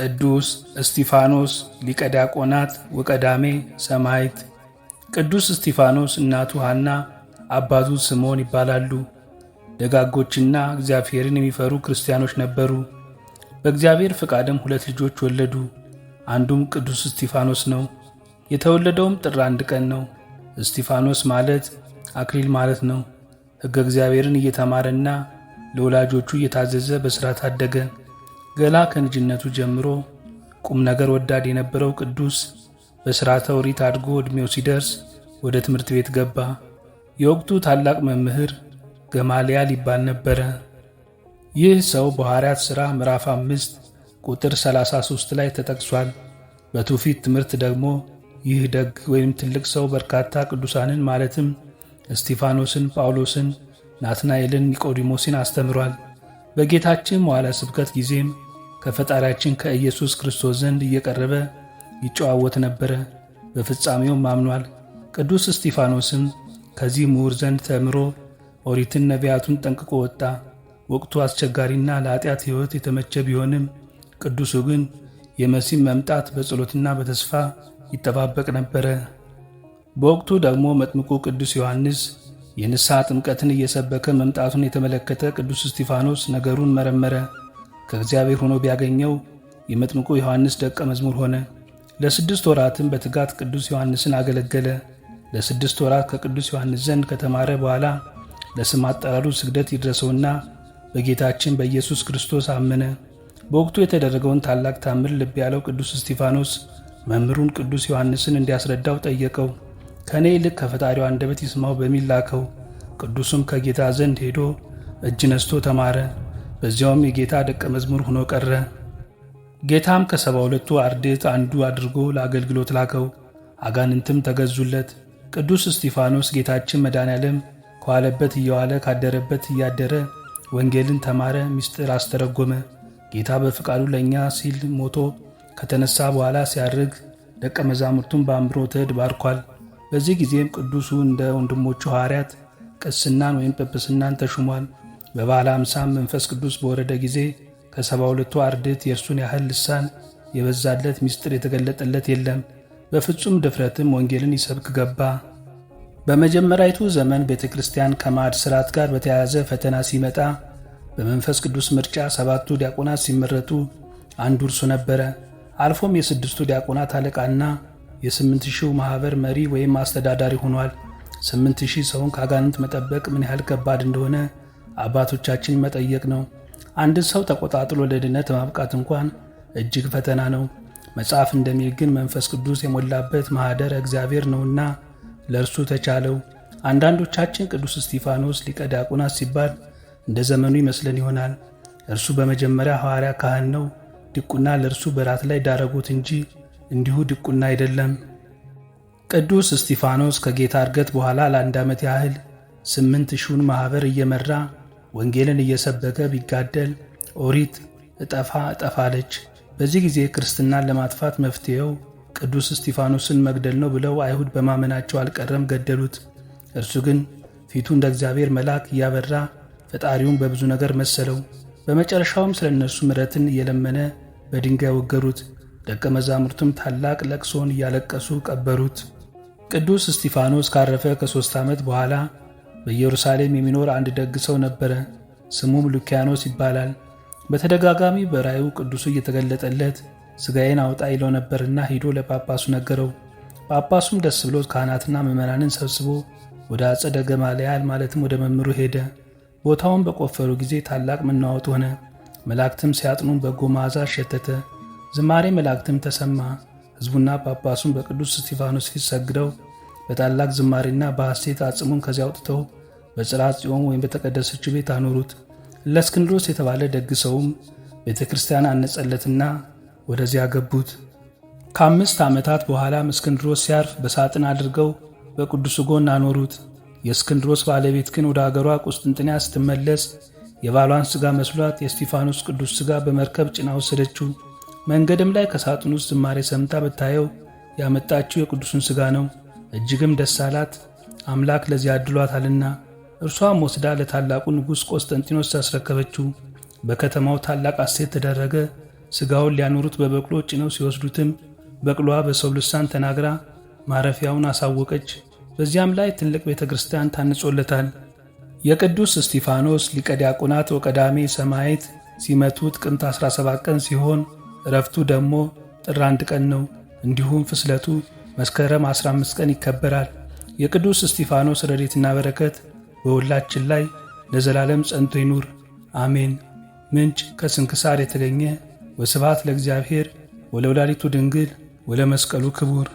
ቅዱስ እስጢፋኖስ ሊቀ ዲያቆናት ወቀዳሜ ሰማዕት። ቅዱስ እስጢፋኖስ እናቱ ሐና አባቱ ስምዖን ይባላሉ። ደጋጎችና እግዚአብሔርን የሚፈሩ ክርስቲያኖች ነበሩ። በእግዚአብሔር ፈቃድም ሁለት ልጆች ወለዱ። አንዱም ቅዱስ እስጢፋኖስ ነው። የተወለደውም ጥር አንድ ቀን ነው። እስጢፋኖስ ማለት አክሊል ማለት ነው። ሕገ እግዚአብሔርን እየተማረና ለወላጆቹ እየታዘዘ በሥራ ታደገ። ገላ ከልጅነቱ ጀምሮ ቁም ነገር ወዳድ የነበረው ቅዱስ በሥርዓተ ኦሪት አድጎ ዕድሜው ሲደርስ ወደ ትምህርት ቤት ገባ። የወቅቱ ታላቅ መምህር ገማልያል ይባል ነበረ። ይህ ሰው በሐዋርያት ሥራ ምዕራፍ 5 ቁጥር 33 ላይ ተጠቅሷል። በትውፊት ትምህርት ደግሞ ይህ ደግ ወይም ትልቅ ሰው በርካታ ቅዱሳንን ማለትም እስጢፋኖስን፣ ጳውሎስን፣ ናትናኤልን፣ ኒቆዲሞስን አስተምሯል። በጌታችን መዋላ ስብከት ጊዜም ከፈጣሪያችን ከኢየሱስ ክርስቶስ ዘንድ እየቀረበ ይጨዋወት ነበረ። በፍጻሜውም አምኗል። ቅዱስ እስጢፋኖስም ከዚህ ምሁር ዘንድ ተምሮ ኦሪትን፣ ነቢያቱን ጠንቅቆ ወጣ። ወቅቱ አስቸጋሪና ለኃጢአት ሕይወት የተመቸ ቢሆንም ቅዱሱ ግን የመሲም መምጣት በጸሎትና በተስፋ ይጠባበቅ ነበረ። በወቅቱ ደግሞ መጥምቁ ቅዱስ ዮሐንስ የንስሐ ጥምቀትን እየሰበከ መምጣቱን የተመለከተ ቅዱስ እስጢፋኖስ ነገሩን መረመረ። ከእግዚአብሔር ሆኖ ቢያገኘው የመጥምቁ ዮሐንስ ደቀ መዝሙር ሆነ። ለስድስት ወራትም በትጋት ቅዱስ ዮሐንስን አገለገለ። ለስድስት ወራት ከቅዱስ ዮሐንስ ዘንድ ከተማረ በኋላ ለስም አጠራሩ ስግደት ይድረሰውና በጌታችን በኢየሱስ ክርስቶስ አመነ። በወቅቱ የተደረገውን ታላቅ ታምር ልብ ያለው ቅዱስ እስጢፋኖስ መምህሩን ቅዱስ ዮሐንስን እንዲያስረዳው ጠየቀው። ከእኔ ይልቅ ከፈጣሪው አንደበት ይስማው በሚል ላከው። ቅዱሱም ከጌታ ዘንድ ሄዶ እጅ ነስቶ ተማረ። በዚያውም የጌታ ደቀ መዝሙር ሆኖ ቀረ። ጌታም ከሰባ ሁለቱ አርድእት አንዱ አድርጎ ለአገልግሎት ላከው። አጋንንትም ተገዙለት። ቅዱስ እስጢፋኖስ ጌታችን ያለም ከዋለበት እየዋለ ካደረበት እያደረ ወንጌልን ተማረ፣ ምስጢር አስተረጎመ። ጌታ በፍቃዱ ለእኛ ሲል ሞቶ ከተነሳ በኋላ ሲያርግ ደቀ መዛሙርቱን በአምሮተ እድ ባርኳል። በዚህ ጊዜም ቅዱሱ እንደ ወንድሞቹ ሐዋርያት ቅስናን ወይም ጵጵስናን ተሹሟል። በበዓለ ሃምሳም መንፈስ ቅዱስ በወረደ ጊዜ ከሰባ ሁለቱ አርድእት የእርሱን ያህል ልሳን የበዛለት ምስጢር የተገለጠለት የለም። በፍጹም ድፍረትም ወንጌልን ይሰብክ ገባ። በመጀመሪያይቱ ዘመን ቤተ ክርስቲያን ከማዕድ ሥርዓት ጋር በተያያዘ ፈተና ሲመጣ በመንፈስ ቅዱስ ምርጫ ሰባቱ ዲያቆናት ሲመረጡ አንዱ እርሱ ነበረ። አልፎም የስድስቱ ዲያቆናት አለቃና የስምንት ሺው ማህበር መሪ ወይም አስተዳዳሪ ሆኗል። ስምንት ሺህ ሰውን ከአጋንንት መጠበቅ ምን ያህል ከባድ እንደሆነ አባቶቻችን መጠየቅ ነው። አንድን ሰው ተቆጣጥሎ ለድነት ማብቃት እንኳን እጅግ ፈተና ነው። መጽሐፍ እንደሚል ግን መንፈስ ቅዱስ የሞላበት ማህደር እግዚአብሔር ነውና ለእርሱ ተቻለው። አንዳንዶቻችን ቅዱስ እስጢፋኖስ ሊቀ ዲያቆናት ሲባል እንደ ዘመኑ ይመስለን ይሆናል። እርሱ በመጀመሪያ ሐዋርያ ካህን ነው። ዲቁና ለእርሱ በራት ላይ ዳረጉት እንጂ እንዲሁ ድቁና አይደለም። ቅዱስ እስጢፋኖስ ከጌታ እርገት በኋላ ለአንድ ዓመት ያህል ስምንት ሺውን ማኅበር እየመራ ወንጌልን እየሰበከ ቢጋደል ኦሪት እጠፋ እጠፋለች። በዚህ ጊዜ ክርስትናን ለማጥፋት መፍትሔው ቅዱስ እስጢፋኖስን መግደል ነው ብለው አይሁድ በማመናቸው አልቀረም፣ ገደሉት። እርሱ ግን ፊቱ እንደ እግዚአብሔር መልአክ እያበራ ፈጣሪውን በብዙ ነገር መሰለው። በመጨረሻውም ስለ እነርሱ ምሕረትን እየለመነ በድንጋይ ወገሩት። ደቀ መዛሙርቱም ታላቅ ለቅሶን እያለቀሱ ቀበሩት። ቅዱስ እስጢፋኖስ ካረፈ ከሦስት ዓመት በኋላ በኢየሩሳሌም የሚኖር አንድ ደግ ሰው ነበረ። ስሙም ሉኪያኖስ ይባላል። በተደጋጋሚ በራዩ ቅዱሱ እየተገለጠለት ሥጋዬን አውጣ ይለው ነበርና ሂዶ ለጳጳሱ ነገረው። ጳጳሱም ደስ ብሎት ካህናትና ምዕመናንን ሰብስቦ ወደ አጸደ ገማልያል ማለትም ወደ መምሩ ሄደ። ቦታውን በቆፈሩ ጊዜ ታላቅ መናወጥ ሆነ። መላእክትም ሲያጥኑን በጎ መዓዛ ሸተተ። ዝማሬ መላእክትም ተሰማ። ሕዝቡና ጳጳሱን በቅዱስ እስጢፋኖስ ፊት ሰግደው በታላቅ ዝማሬና በሐሴት አጽሙን ከዚያ አውጥተው በጽርሐ ጽዮን ወይም በተቀደሰችው ቤት አኖሩት። ለእስክንድሮስ የተባለ ደግ ሰውም ቤተ ክርስቲያን አነጸለትና ወደዚያ ገቡት። ከአምስት ዓመታት በኋላም እስክንድሮስ ሲያርፍ በሳጥን አድርገው በቅዱስ ጎን አኖሩት። የእስክንድሮስ ባለቤት ግን ወደ አገሯ ቁስጥንጥንያ ስትመለስ የባሏን ሥጋ መስሏት የእስጢፋኖስ ቅዱስ ሥጋ በመርከብ ጭና ወሰደችው። መንገድም ላይ ከሳጥን ውስጥ ዝማሬ ሰምታ ብታየው ያመጣችው የቅዱሱን ሥጋ ነው። እጅግም ደስ አላት፣ አምላክ ለዚያ አድሏታልና። እርሷም ወስዳ ለታላቁ ንጉሥ ቆስጠንጢኖስ ያስረከበችው። በከተማው ታላቅ አሴት ተደረገ። ሥጋውን ሊያኖሩት በበቅሎ ጭነው ሲወስዱትም በቅሎዋ በሰው ልሳን ተናግራ ማረፊያውን አሳወቀች። በዚያም ላይ ትልቅ ቤተ ክርስቲያን ታንጾለታል። የቅዱስ እስጢፋኖስ ሊቀ ዲያቆናት ወቀዳሜ ሰማዕት ሲመቱት ጥቅምት 17 ቀን ሲሆን እረፍቱ ደግሞ ጥር አንድ ቀን ነው። እንዲሁም ፍስለቱ መስከረም 15 ቀን ይከበራል። የቅዱስ እስጢፋኖስ ረድኤትና በረከት በሁላችን ላይ ለዘላለም ጸንቶ ይኑር፣ አሜን። ምንጭ ከስንክሳር የተገኘ። ወስብሐት ለእግዚአብሔር ወለወላዲቱ ድንግል ወለመስቀሉ ክቡር